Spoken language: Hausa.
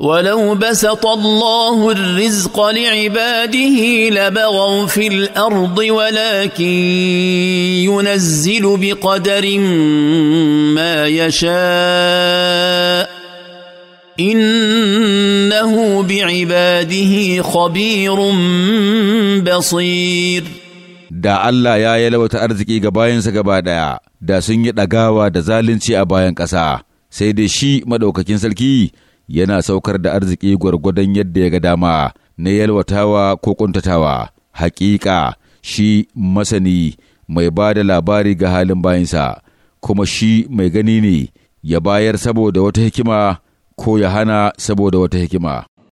ولو بسط الله الرزق لعباده لبغوا في الارض ولكن ينزل بقدر ما يشاء انه بعباده خبير بصير da Allah ya yalwata arziki ga bayansa gaba ɗaya da sun yi ɗagawa da zalunci a bayan ƙasa sai dai shi maɗaukakin sarki yana saukar da arziki gwargwadon yadda ya ga dama na yalwatawa ko ƙuntatawa, hakika shi masani mai ba da labari ga halin bayansa, kuma shi mai gani ne ya bayar saboda wata hikima ko ya hana saboda wata hikima.